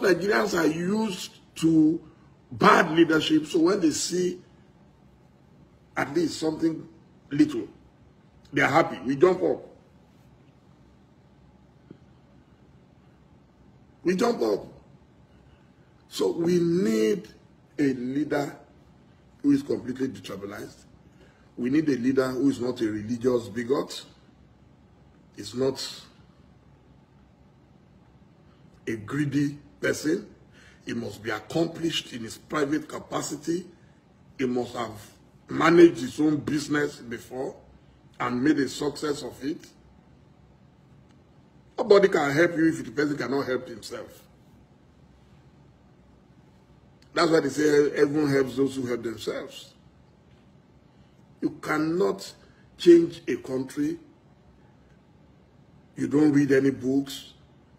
because Nigerians are used to bad leadership, so when they see at least something little, they are happy. We jump up. We jump up. So we need a leader who is completely detribalized. We need a leader who is not a religious bigot. Is not a greedy person. He must be accomplished in his private capacity. He must have managed his own business before and made a success of it. Nobody can help you if the person cannot help himself. That's why they say everyone helps those who help themselves. You cannot change a country. You don't read any books.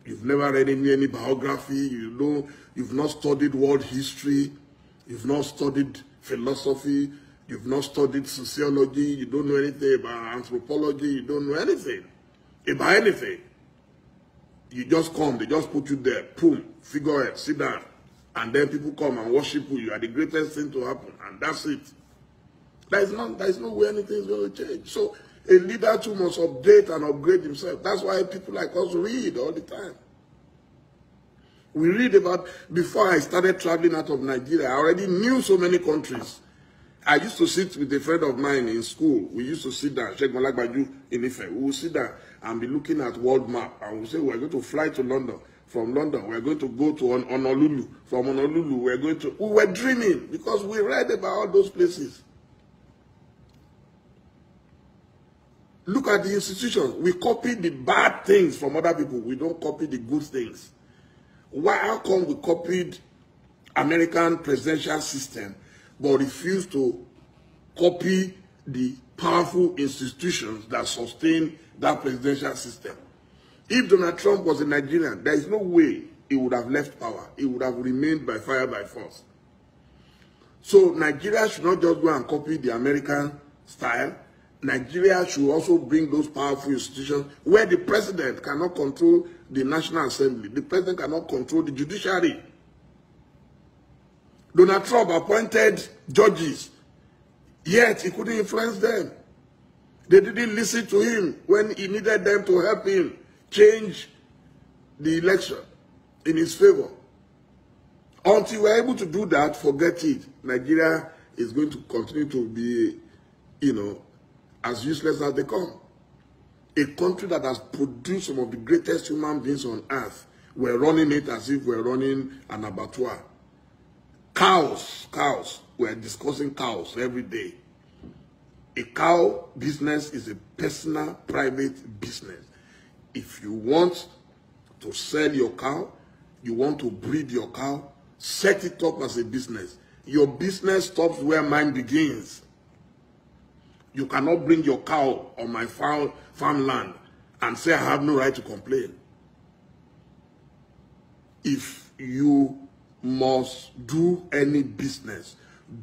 You've never read any, any biography. You know, you've not studied world history. You've not studied philosophy. You've not studied sociology. You don't know anything about anthropology. You don't know anything about anything. You just come. They just put you there. Boom. Figure it. Sit down. And then people come and worship you. You are the greatest thing to happen. And that's it. There is, not, there is no way anything is going to change. So A leader too must update and upgrade himself. That's why people like us read all the time. We read about, before I started traveling out of Nigeria, I already knew so many countries. I used to sit with a friend of mine in school. We used to sit down, Sheikh Malagbaju in Ife. We would sit down and be looking at world map. And we say, we're going to fly to London. From London, we're going to go to Honolulu. From Honolulu, we're going to... We were dreaming because we read about all those places. Look at the institutions. We copy the bad things from other people. We don't copy the good things. Why, how come we copied American presidential system but refused to copy the powerful institutions that sustain that presidential system? If Donald Trump was a Nigerian, there is no way he would have left power. He would have remained by fire, by force. So Nigeria should not just go and copy the American style Nigeria should also bring those powerful institutions where the president cannot control the National Assembly. The president cannot control the judiciary. Donald Trump appointed judges, yet he couldn't influence them. They didn't listen to him when he needed them to help him change the election in his favor. Until we're able to do that, forget it. Nigeria is going to continue to be, you know, as useless as they come. A country that has produced some of the greatest human beings on earth, we're running it as if we're running an abattoir. Cows, cows, we're discussing cows every day. A cow business is a personal, private business. If you want to sell your cow, you want to breed your cow, set it up as a business. Your business stops where mine begins. You cannot bring your cow on my farm farmland and say I have no right to complain. If you must do any business,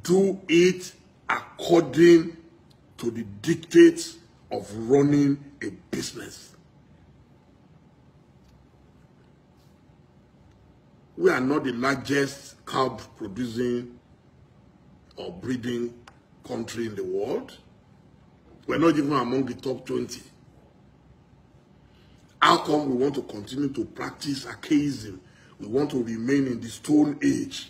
do it according to the dictates of running a business. We are not the largest cow producing or breeding country in the world. We're not even among the top 20. How come we want to continue to practice archaism? We want to remain in the stone age.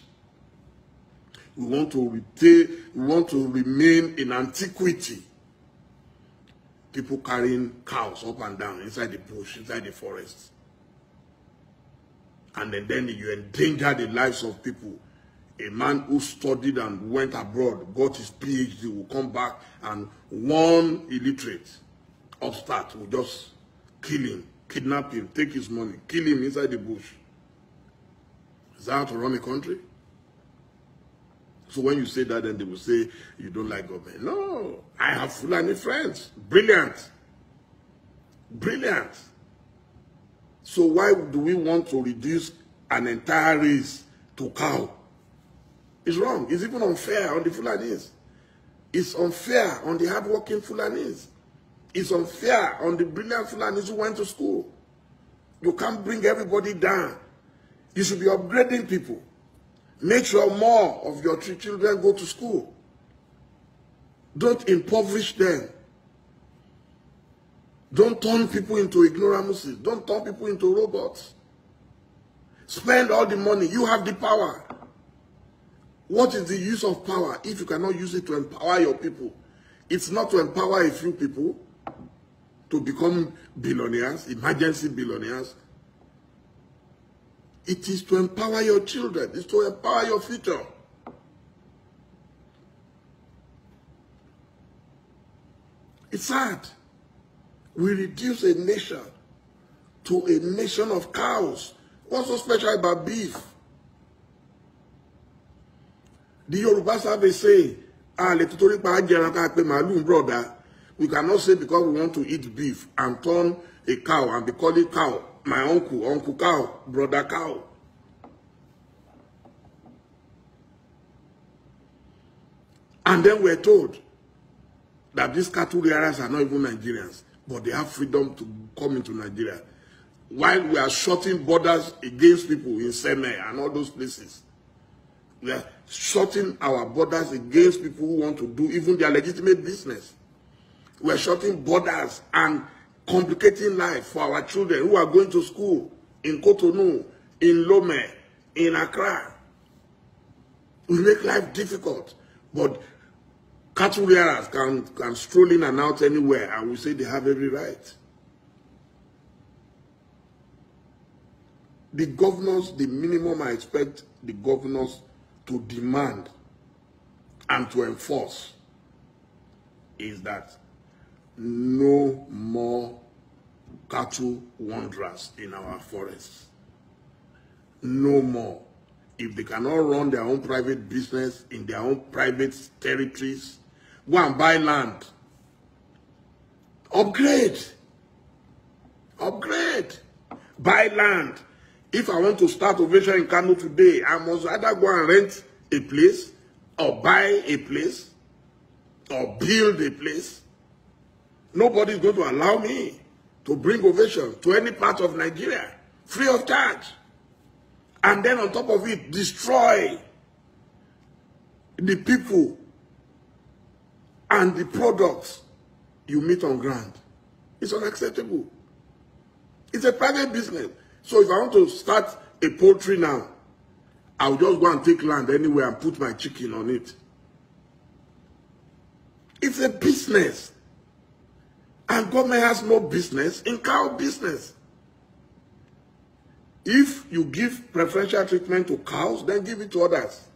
We want to retain, we want to remain in antiquity. People carrying cows up and down inside the bush, inside the forest. And then, then you endanger the lives of people a man who studied and went abroad, got his PhD, will come back and one illiterate upstart will just kill him, kidnap him, take his money, kill him inside the bush. Is that how to run a country? So when you say that, then they will say, you don't like government. No, I have Fulani friends. Brilliant. Brilliant. So why do we want to reduce an entire race to cow? It's wrong. It's even unfair on the Fulanis. It's unfair on the hardworking Fulanis. It's unfair on the brilliant Fulanis who went to school. You can't bring everybody down. You should be upgrading people. Make sure more of your three children go to school. Don't impoverish them. Don't turn people into ignoramuses. Don't turn people into robots. Spend all the money. You have the power. What is the use of power if you cannot use it to empower your people? It's not to empower a few people to become billionaires, emergency billionaires. It is to empower your children. It's to empower your future. It's sad. We reduce a nation to a nation of cows. What's so special about beef? The Yoruba service say, ah, let tutori pa ajeraka pe malum brother. We cannot say because we want to eat beef and turn a cow and be calling cow, my uncle, uncle cow, brother cow. And then we're told that these cattle rearers are not even Nigerians, but they have freedom to come into Nigeria. While we are shutting borders against people in Seme and all those places. We are shutting our borders against people who want to do even their legitimate business. We are shutting borders and complicating life for our children who are going to school in Cotonou, in Lome, in Accra. We make life difficult. But cattle rearers can, can stroll in and out anywhere and we say they have every right. The governors, the minimum I expect the governors to demand and to enforce is that no more cattle wanderers in our forests. No more. If they cannot run their own private business in their own private territories, go and buy land. Upgrade. Upgrade. Buy land. If I want to start Ovation in Kano today, I must either go and rent a place or buy a place or build a place. Nobody is going to allow me to bring ovation to any part of Nigeria free of charge. And then on top of it, destroy the people and the products you meet on ground. It's unacceptable. It's a private business. So if I want to start a poultry now, I'll just go and take land anywhere and put my chicken on it. It's a business. And government has no business in cow business. If you give preferential treatment to cows, then give it to others.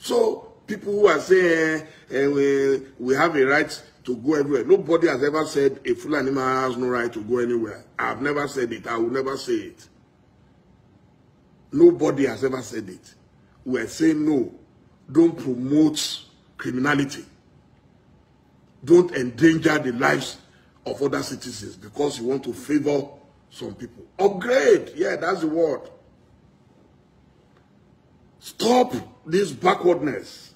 So people who are saying eh, eh, we, we have a right to go everywhere. Nobody has ever said a Fulani animal has no right to go anywhere. I've never said it. I will never say it. Nobody has ever said it. We're saying no. Don't promote criminality. Don't endanger the lives of other citizens because you want to favor some people. Upgrade. Yeah, that's the word. Stop this backwardness.